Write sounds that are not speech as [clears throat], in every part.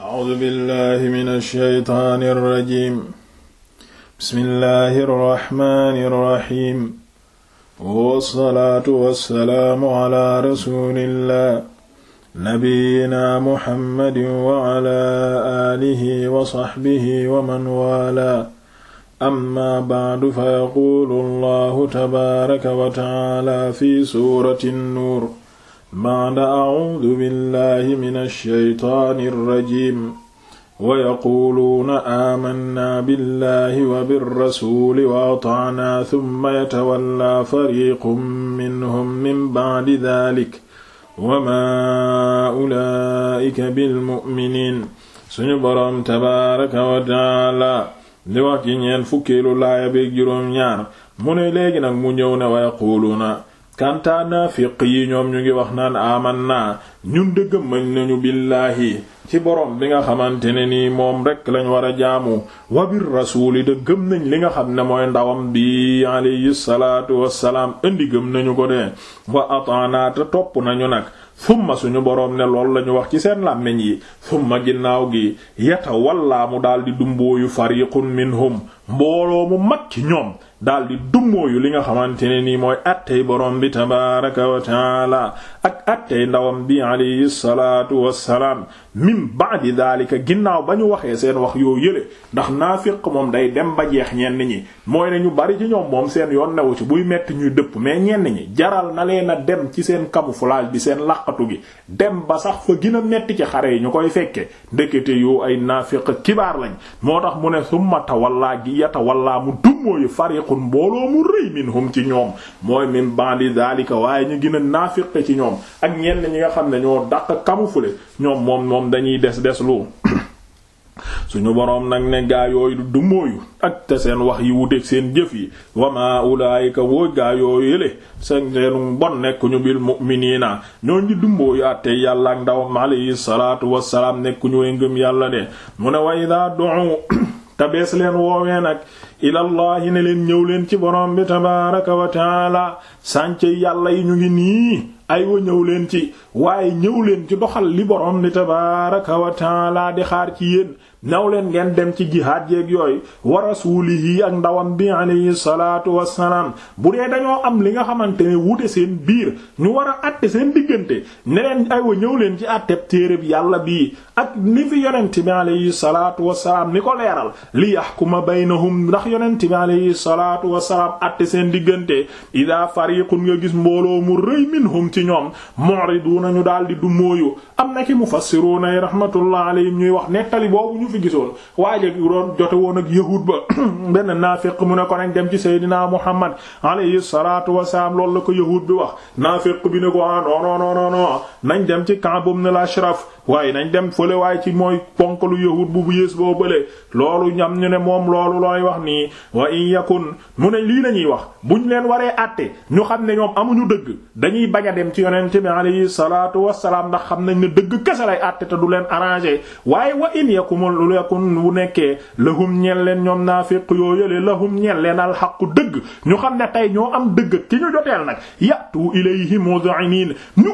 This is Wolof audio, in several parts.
A'uuzu billaahi mina shaytaani rajiim. Bismillaahi rahmaani rahiim. Wa salaatu wa salaamu ala rasuulillaah. Nabiyyinaa Muhammadin wa ala aalihi wa sahbihi wa man waalaa. Ammaa ba'du fa yaquulu Allaahu tabaaraka wa ta'aalaa fi suurati Nuur. ba'da a'uudu billahi minash shaytaanir rajiim wa yaquuluuna aamannaa billahi wa birrasuuli wa ata'naa thumma yatawallaa fariiqun minhum min ba'di dhaalika wa maa ulaa'ika bilmu'miniin suñu boroom tabaaraka wa ta'aala di wax ci ñeent fukkeelu laaya bi juróom ñaar mu ne léegi nag mu ñëw ne wa yaquuluuna kanta naafiq yi ñoom ñu ngi wax naan aman na ñun de gëm nañu billaahi ci borom bi nga xamante ne nii moom rek lañ war a jaamu wa bir rasuuli de gëm nañ li nga xam ne mooy ndawam bi alayhi salaatu wassalaam indi gëm nañu ko de wa ataana te topp nañu nag summa suñu borom ne loolu lañu wax ci seen làmmiñ yi summa ginnaaw gi yata wallaa mu daldi dumbooyu fariqun minhum mbooloo mu mag ci ñoom daldi dumbooyu li nga xamante ne nii mooy attey boroom bi tabaaraka wa taala ak attey ndawam bi alayhi salaatu wassalaam min ba'di daalika ginnaaw ba ñu waxee seen wax yoo yële ndax naafiq moom day dem ba jeex ñenn ñi mooy ne ñu bari ci ñoom moom seen yoon newu ci buy metti ñuy dëpp mais ñenn ñi jaral na leen a dem ci seen camouflage bi seen laqatu gi dem ba sax fa gën a metti yi ñu koy fekke ndekete yoo ay naafiq kibaar lañ moo tax mu ne summa tawallaa gi yatawallaa mu dummóoyu fariqun mbooloo mu rëy ci ñoom mooy min ba'di daalika waaye ñu gën a naafiq ci ñoom ak ñenn ñi nga xam ne ñoo daq camoufler ñoom moom ñoom dañuy des deslu suñu boroom nag ne gaa yooyu du mooyu ak te seen wax yi wuteeg seen jëf yi wama ulaayika wooj gaa yooyu yële seen seenu bon nekkuñu bil mu'miniina ñooñ di dumbooyu àttey yàlla ak ndawam alayhi salaatu wassalaam nekkuñu way ngëm yàlla de mu ne way daa doxu tabees leen woowee nag ilallahi ne leen ñëw leen ci borom bi tabaaraka wa taala sànce yàlla yi ñu ngi nii aywa ñëw leen ci waaye ñëw leen ci doxal li borom bi tabaaraka wa taala di xaar ci yéen naw leen ngeen dem ci jihaad yeeg yooyu wa rasuulihi ak ndawam bi alayhi salaatu wassalaam bu dee dañoo am li nga xamante ne wute seen biir ñu war a àtte seen diggante ne leen aywa ñëw leen ci àtteb bi yàlla bii ak ni fi yonent bi alayhi salaatu wassalaam ni ko leeral li yahkuma baynahum ndax yonent bi alayhi salaatu wassalaam àtte seen diggante idaa fariqun nga gis mbooloo mu rëy minhum ci ñoom mu'riduna ñu daldi du mooyu am na ki mufassiruna rahmatullah alayhim ñuy wax nettali fi gisoon waaja gi doon jote woon ak yahud ba [clears throat] benn naafiq mu ne ko nañ dem ci seydinaa muhammad alayhi salaatu wasalaam loolu la ko yahud bi wax naafiq bi ko ah non non non non nañ dem ci Ka'b ibn ashraf waaye nañ dem fële waaye ci mooy ponk lu yahud bu bu yées boo bële loolu ñam ñu ne moom loolu looy wax nii wa in yakun mu ne lii lañuy wax ñu leen waree àtte ñu xam ne ñoom ñu dëgg dañuy bañ dem ci yonent bi alayhi salaatu wassalaam ndax xam nañ ne dëgg kese lay àtte te du leen arrangé waaye wa in yakumul lu yakun bu nekkee lahum ñeel leen ñoom naafiq yoo yële lahum ñeel leen alxaqu dëgg ñu xam ne tey ñoo am dëgg ki ñu joteel nag yatu ilayhi mud'inin ñu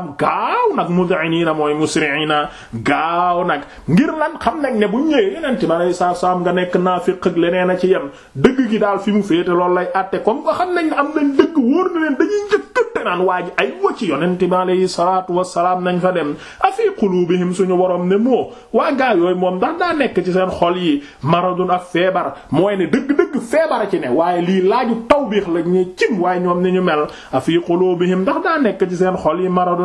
aqtaab gaaw nag mud'iniina mooy musri'iina gaaw nag ngir lan xam nag ne bu ñëwee yeneen ma lay saa saam nga nekk naafiq ak leneen a ci yem dëgg gi daal fi mu féete lool lay àtte comme ko xam nañ ne am nañ dëgg wóor na leen dañuy njëkkante naan waa ji ay wacci yonent bi alayhi salaatu wassalaam nañ fa dem afi quluubihim suñu waroom ne moo waa gaa yooyu moom ndax daa nekk ci seen xol yi maradun ak feebar mooy ne dëgg-dëgg feebar a ci ne waaye lii laaju tawbiix la ñuy cim waaye ñoom ni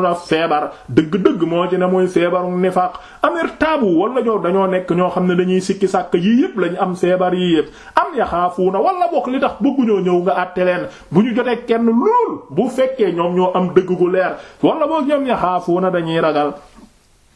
na feebar dëgg-dëgg moo ci ne muy feebaru nifaq amir taabu wala ñoo dañoo nekk ñoo xam ne dañuy sikki sàkk yii yëpp lañ am feebar yii yëpp am yaxaafuuna wala bokk li tax bëgguñoo ñëw nga àtte leen bu ñu jotee kenn lool bu fekkee ñoom ñoo am dëgg gu leer wala boog ñoom yaxaafuuna dañuy ragal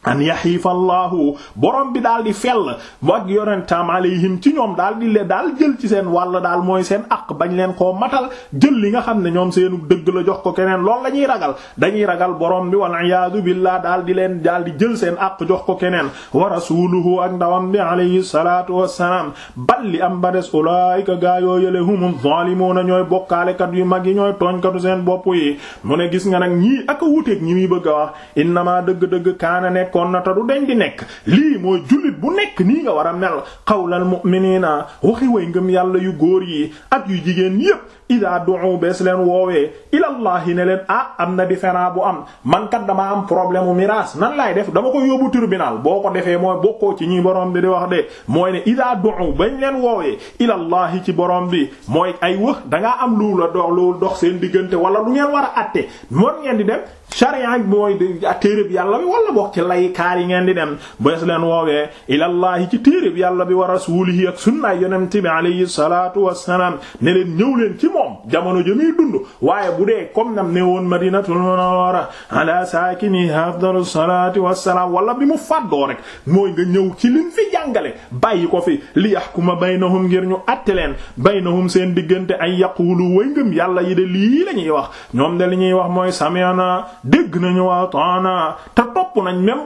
an yaxiifa allahu borom bi daal di fell ak yonentam alayhim ci ñoom daal di le daal jël ci seen wàll daal mooy seen aq bañ leen ko matal jël li nga xam ne ñoom seenu dëgg la jox ko keneen loolu la ñuy ragal dañuy ragal borom bi wal iyaadu billah daal di leen daal di jël seen aq jox ko keneen wa rasuluhu ak ndawam bi alayhi salatu wassalaam bal li am ba des ulaayika gaa yoo yële humu zaalimuuna ñooy bokkaalekat yu mag yi ñooy tooñkatu seen bopp yi mu gis nga nag ñii ak a wuteeg bëgg a dëgg-dëgg kaana kon na ta du deñ di nekk lii mooy jullit bu nekk nii nga war a mel xawlal mu'minina waxi way ngëm yàlla yu góor yi at yu jigéen yépp ida du'u bees leen woowee ilallahi ne leen ah am na différent bu am man kat damaa am problème mu miraas nan laay def dama ko yóbbu tribunal boo ko defee mooy bokkoo ci ñi borom bi di wax de mooy ne ida du'u bañ leen woowee ilallahi ci borom bi mooy ay wax dangaa am lu la dox lu dox seen diggante wala lu ngeen war a atte moon ngeen di dem charia mooy téeréb yàlla bi wala bokk ci lay bàyyi kaar yi ngeen di dem bees leen woowee ilallaahi ci téeréb yàlla bi wa rasuulihi ak sunnaay yonent bi alayhi salaatu wassalaam ne leen ñëw leen ci moom jamono jëmiy dund waaye bu dee comme nam ne woon madinatul munawwara ala saakini afdalu salaatu wassalaam wala bi mu fàddoo rek mooy nga ñëw ci lim fi jàngale bàyyi ko fi li yahkuma baynahum ngir ñu atte leen baynahum seen diggante ay yaqulu way ngëm yàlla yi de lii la ñuy wax ñoom de li ñuy wax mooy sami'na dégg nañu wa ta'ana te topp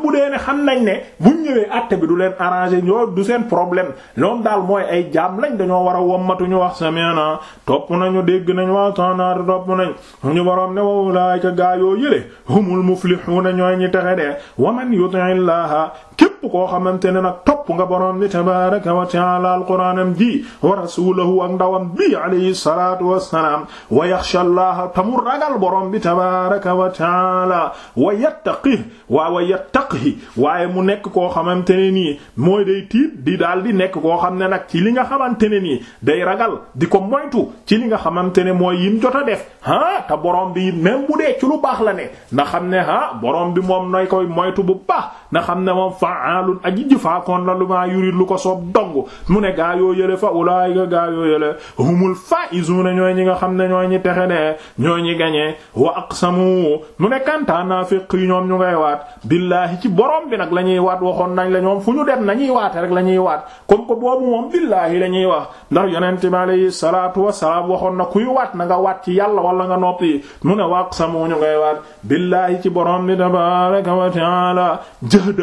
bu dee ne xam nañ ne buñ ñëwee àtte bi du leen arrangé ñoo du seen problème loolu daal mooy ay jaam lañ dañoo war a wommatuñu wax sami'na topp nañu dégg nañ waa tanaar topp nañ ñu boroom ne wa ulaa'ika gaa yoo yële humul muflihuuna ñooy ñi texe de wa man yuti'illaha képp koo xamante ne nag topp nga boroom ni tabaaraka wa ta'aala alquraanam ji wa rasuulahu ak ndawam bi alayhi salaatu wassalaam wa yaxsha allaha tamu ragal boroom bi tabaaraka wa ta'aala wa yattaqi wa wa yattaqi faqhi waaye mu nekk koo xamante ne nii mooy day tiit di daal di nekk koo xam ne nag ci li nga xamante ne nii day ragal di ko moytu ci li nga xamante ne mooy yim jot a def ah te borom bi même bu dee ci lu baax la ne na xam ne ah borom bi moom nay koy moytu bu baax na xam ne moom a aji jëfaakoon la lu maa yurid lu ko soob dong mu ne gaa yoo yële fa ulaayika gaa yoo yële humul faizuna ñooy ñi nga xam ne ñooy ñi texe de ñooy ñi gañe wa aqsamu mu ne kantaa naafiq yi ñoom ñu ngay ci borom bi nag la ñuy waat waxoon nañ la ñoom fu ñu dem nañuy waate rek la ñuy waat comme que boobu moom billaahi la ñuy wax ndax yonente bi alayhi salaatu wasalaam waxoon na kuy waat na nga waat ci yàlla wala nga noppi mu ne waqsamu ñu ngay waat billaahi ci borom bi tabaaraka wa ta'aala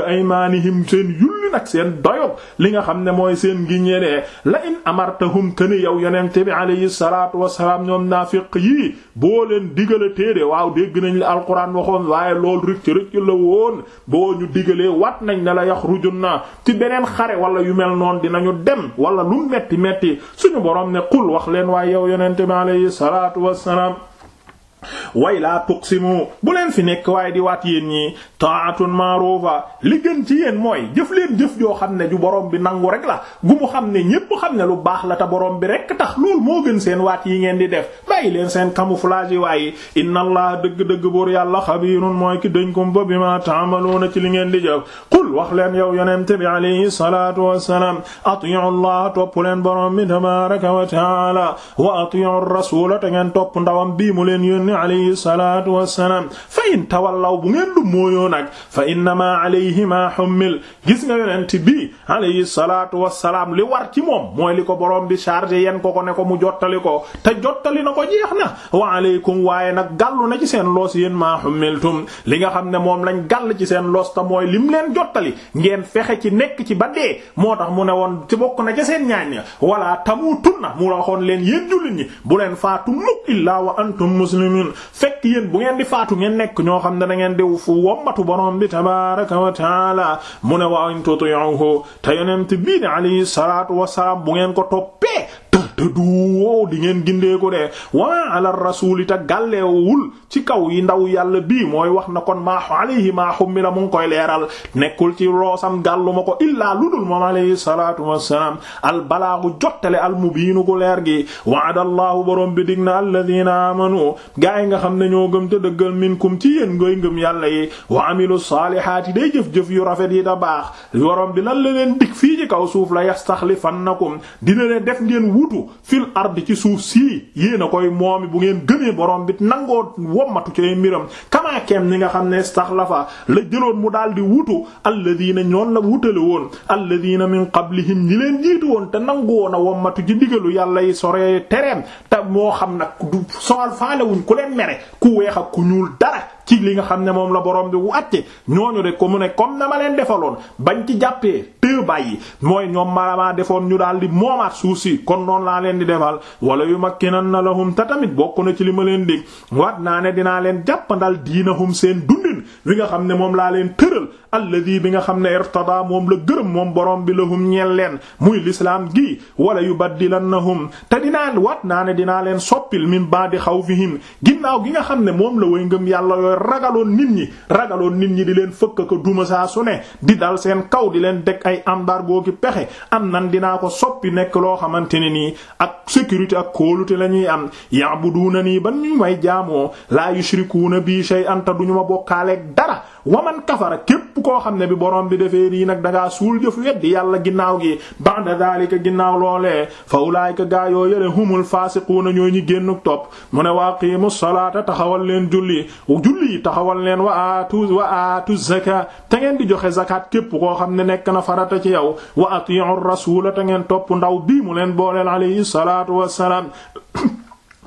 aymaanihim seen yulli nag seen doyob li nga xam ne mooy seen ngiññelee la in amartahum këni yow yonente bi alayhi salaatu wasalaam ñoom naafiq yii boo leen digala téere waaw dégg nañ la alquran waxoon waaye loolu rëcc rëcc la woon boo ñu digalee wat nañ ne la na ci beneen xare wala yu mel noonu dinañu dem wala lu metti metti suñu borom ne qul wax leen waaye yow yonente bi alayhi salaatu wassalaam way laa mu bu leen fi nekk waaye di waat yéen ñi taatun maaruufa li gën ci yéen mooy jëf leen jëf joo xam ne ju borom bi nangu rek la gu mu xam ne ñépp xam ne lu baax la te borom bi rek tax loolu moo gën seen waat yi ngeen di def bàyyi leen seen camouflage yi waaye inna allah dëgg-dëgg buur yàlla xabiirun mooy ki dénkum ba bima taamaluuna ci li ngeen di jëf qul wax leen yow yonente bi alayhi salaatu wassalaam atiyu allah topp leen borom bi tabaraka wa taala wa atiyu rasula te ngeen topp ndawam bii mu leen yónni alayhi salaatu wassalaam fa in tawallaw bu ngeen du mooyoo nag fa innama alayhi ma hummil gis nga yonente bi alayhi salaatu wassalaam li war ci moom mooy li ko borom bi chargé yeen ko ko ne ko mu jottali ko te jottali na ko jeex na wa aleykum waaye nag gàllu na ci seen loos yéen maa humiltum li nga xam ne moom lañ gàll ci seen loos ta mooy lim leen jottali ngeen fexe ci nekk ci ba dee moo tax mu ne woon ci bokk na ca seen ñaañ ña wala tamuutunna mu waxoon leen yéen jullit ñi bu leen faatu mukk illaa wa antum muslimun fekk yéen bu ngeen di faatu ngeen nekk ñoo xam ne da ngeen di fu wommatu borom bi tabaraka wa taala mu ne wa in tuti'uhu te yonent bii ne alayhi salaatu wasalaam bu ngeen ko toppee tëddu wow di ngeen gindeeku de waa ala rasuuli te gàlleewul ci kaw yi ndaw yàlla bii mooy wax na kon maa alayhi maa xummi la mu koy leeral nekkul ci loosam gàllu ma ko illaa ludul moom alayhi salaatu wassalaam al balaagu jottale al mubiinu leer gi waadallaahu borom bi dig na alladina amanu gaa yi nga xam ne ñoo gëm te dëggal minkum ci yéen ngoy ngëm yàlla yi wa amilu saalihaati day jëf-jëf yu rafet yi da baax borom bi lan leen dig fii ci kaw suuf la yastaxlifannakum dina leen def ngeen wutu tafsiru fil ardi ci suuf sii yéen a koy moom bu ngeen gëmee borom bi nangoo wommatu ci mbiram kamaa keem ni nga xam ne staxlafa la jëloon mu daal di wutu alladina ñoon la wutale woon alladina min qablihim ñi leen jiitu woon te nangu woon a wommatu ci digalu yàlla yi sore tereem te moo xam nag du soal faalewuñ ku leen mere ku weex ak ku ñuul dara ci li nga xam ne moom la borom bi wu wàcce ñooñu de ko mu ne comme na ma leen defaloon bañ ci jàppee téye bàyyi mooy ñoom malamaa defoon ñu daal di moomaat suuf si kon noonu laa leen di defal wala yu makkinanna lahum te tamit bokk na ci li ma leen dig waat naa ne dinaa leen jàppandal diinahum seen dundin wi nga xam ne moom laa leen tëral alladi bi nga xam ne irtada moom la gërëm moom borom bi lahum ñeel leen muy lislaam gi wala yubaddilannahum te dinaa waat naa ne dinaa leen soppil min ba'di xawfihim ginnaaw gi nga xam ne moom la way ngëm yàlla yooyu ragaloon nit ñi ragaloon nit ñi di leen fëkk ko duma saa su ne di dal seen kaw di leen teg ay am embargo ki pexe am nan dinaa ko soppi nekk loo xamante ne nii ak sécurité ak kóolute la ñuy am ya'buduna nii ban ñu may jaamoo laa yushrikuuna bi shay'an ta duñu ma bokkaaleeg dara waman kafara képp koo xam ne bi borom bi defee rii nag dangaa suul jëf weddi yàlla ginnaaw gi ba'da daalika ginnaaw loolee fa ulaayika gaa yoo yële humul na ñoo ñi génn topp mu ne waa qiimu solaata taxawal leen julli julli yi taxawal leen wa aatu wa aatu zaka te ngeen di joxe zakat képp koo xam ne nekk na farata ci yow wa atii'u rasuula te ngeen topp ndaw bii mu leen booleel alayhi salaatu wassalaam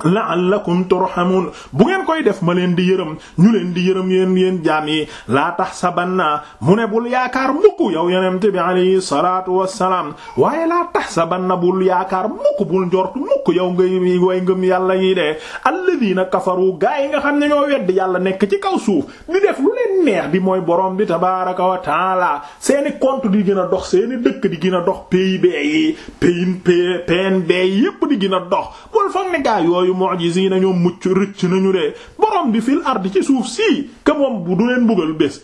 la la'allakum turhamun bu ngeen koy def ma leen di yërëm ñu leen di yërëm yéen yéen jaam yi laa tahsabanna mu ne bul yaakaar mukk yow yonente bi alayhi salatu wassalaam waaye laa banna bul yaakaar mukk bul njort mukk yow ngay way ngëm yàlla yi de alladina kafaru gaa yi nga xam ne ñoo wedd yàlla nekk ci kaw suuf ñu def lu leen neex di mooy boroom bi tabaraka wa taala seeni compte di gën a dox seeni dëkk di gën a dox PIB yi PNB yépp di gën dox yooyu mu'jizina ñoom mucc rëcc nañu de borom bi fil ard ci suuf sii que moom bu du leen bugal bés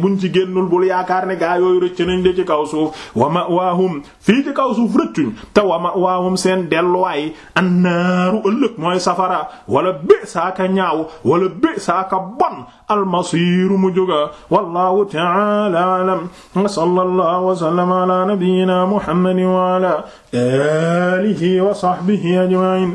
buñ ci génnul bul yaakaar ne gaa yooyu rëcc nañ de ci kaw suuf wa ma'waahum fii ci kaw suuf rëccuñ te wa ma'waahum seen delluwaay annaaru ëllëg mooy safara wala bé saaka ñaaw wala bé saaka bon almasiiru mu jóga wallahu ta'ala a'lam wa sallallahu wa sallama ala nabiyyina muhammadin wa ala alihi wa sahbihi ajma'in